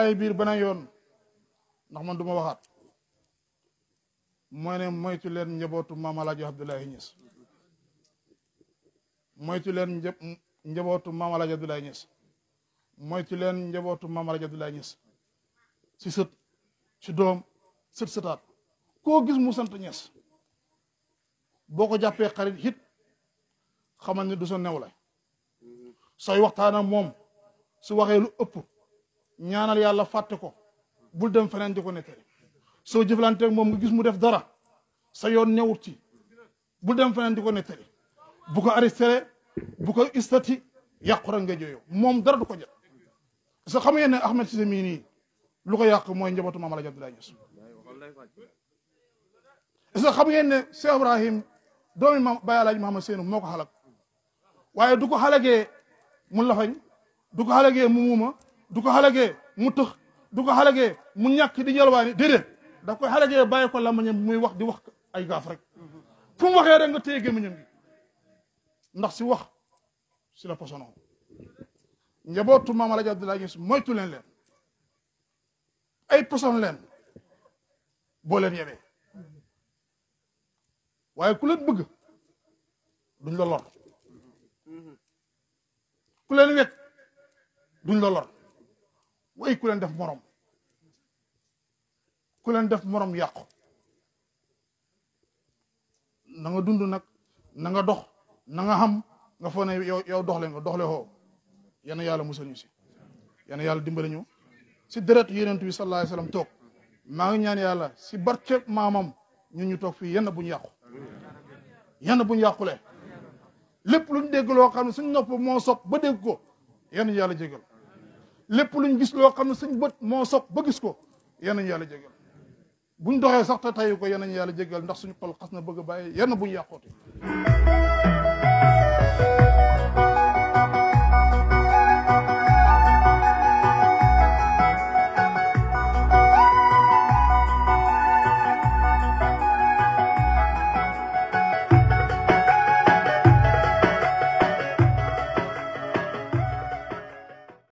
ay biir bana yoon ndax man du ma waxaat mooy ne moytu leen njabootu maam Alaaji Abdoulaye Niass moytu leen njabootu maam Alaaji Abdoulaye Niass moytu leen njabootu maam Alaaji Abdoulaye Niass si sët si doom sët sëtaat koo gis mu sant Niass boo ko jàppee xarit hit xamal ne du sa new la sooy waxtaan moom su waxee lu ëpp ñaanal yàlla fàtte ko bul dem feneen ko nettali soo jëflanteeg moom nga gis mu def dara sa yoon newut ci bul dem feneen ko nettali bu ko arrêté bu ko istati yàqu rek nga jooyoo moom dara du ko jot sa xam ngeen ne Ahmed Cissé mii nii lu ko yàq mooy njabootu Maam Alaaji Abdoulaye Niass sa xam ngeen ne Cheikh Ibrahim doomi maam Baye Alaaji Mahamad Seynu moo ko xalak waaye du ko xalagee mu lafañ du ko xalagee mu muuma du ko xalagee mu tëx du ko xalagee mu ñàkk di yalwaani déedéet da koy xalagee bàyyi ko lamañam muy wax di wax ay gaaf rek fu waxee rek nga téye gémmiñam gi ndax si wax si la posono njabootu maam Alaaji Abdoulaye Niass moytu leen leen ay poson leen boo leen yebee waaye ku leen bëgg duñ la lor ku leen wet duñ la lor way ku leen def morom ku leen def morom yàqu na nga dund nag na nga dox na nga xam nga foog ne yow dox doxle nga dox le xoo yana yàlla musal ñu si yana yàlla dimbale ñu si deret yonent bi sallallahu alayhi wa toog maa ngi ñaan yàlla si barke maamam ñun ñu toog fii yenn bu ñu yàqu yenn bu ñu yàqule lépp lu ñu dégg loo xam ne suñu nopp moo sopp ba dégg ko yenn yàlla jégal lépp luñ gis loo xam ne suñ bët moo soog ba gis ko yal nañu yàlla bu ñu doxee sax te tayu ko yal nañu yàlla jégal ndax suñu xol xas na bëgg a bàyyi yal na buñ yàqooti